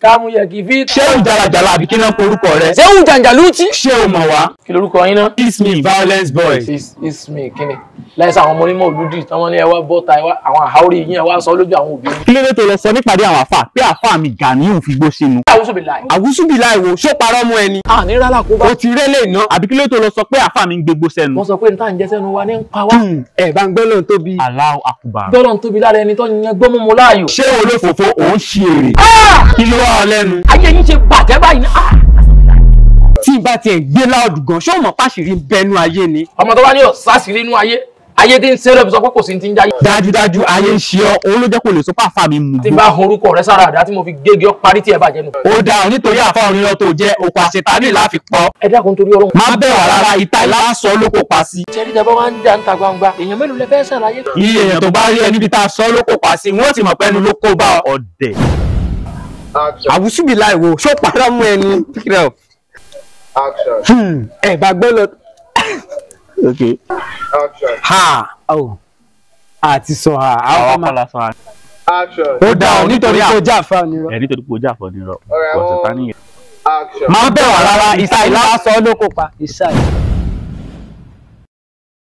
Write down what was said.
kámú yẹ kí fi. ṣéun jalajala àbí kí náà porúkọ rẹ. ṣéun jàǹjàlútì. ṣé o mọ̀ wá. kí lorúkọ yín náà. it's me violence boy. it's, it's me kíni láìsí àwọn ọmọ onímọ̀ olùdí tí wọ́n ní ẹ wá bọ́ta àwọn àháórí yín ẹ wá sọ lójú àwọn òbí. kí ló dé tó lọ sọ nípàdé àwọn àfà pé àfà mi Ganiu fi gbó sínú. àwùsùbìláì. àwùsùbìláì wo ṣó parọ́ mú ẹni. a ní rárá kó bá. o ti rélé iná àbí kí ló tó lọ sọ pé àfà mi ń gbégbó sẹ́nu. wọ́n sọ pé hmm. Allahu Akbar. gbọ́ lóhun tóbi lára ẹni tó ń yẹn gbọ́mú mu láàyò. ṣé olófòfò wa lẹ́nu. ayé yín ṣe bàjẹ́ báyìí náà. Ah! tí ìbá tiẹ̀ gbé láòdù gan ṣé o mọ̀ páṣírí bẹnu ayé ni. ọmọ tó bá ní ọ̀sásírí inú ayé ayé tí ń sẹ́rẹ̀ fi sọ pé kò sí ti ń jáyé. dájúdájú ayé ń ṣe ọ òun ló jẹ́ kó lè sọ pé àfa mi mú. tí n bá horúkọ rẹ sára àdá tí mo fi gége ọ parí tí ẹ bàjẹ́ nù. ó dáa nítorí àfa orin lọ tó jẹ òkú àṣetánì láfi pọ. ẹ dákun torí ọlọ́run. má bẹ̀ wà rárá ìta ìlàsọ ló kó pa sí. sẹ́rí tẹ bá wá ń jà ń ta gbangba èèyàn mélòó lẹ fẹ́ ṣàlàyé. iye èèyàn tó bá rí ẹni bí tá a sọ ló kó pa sí wọ́n ti mọ̀ pẹ́nu ló kó bá ọ̀dẹ̀ àwùsù bí láìwo ṣó parọ́ mú ẹni pick it up ẹ bá gbọ́ lọ. okay. Action. ha oh àti sọ ha àwọn ọmọ la sọ ha. ó dá ọ nítorí kó já fún ọ nírọ́. ẹ nítorí kó já fún ọ nírọ́ ọ̀sẹ̀ tá nìyẹn. máa bẹ̀ wá rárá ìsáyìí lásán ló kópa ìsáyìí.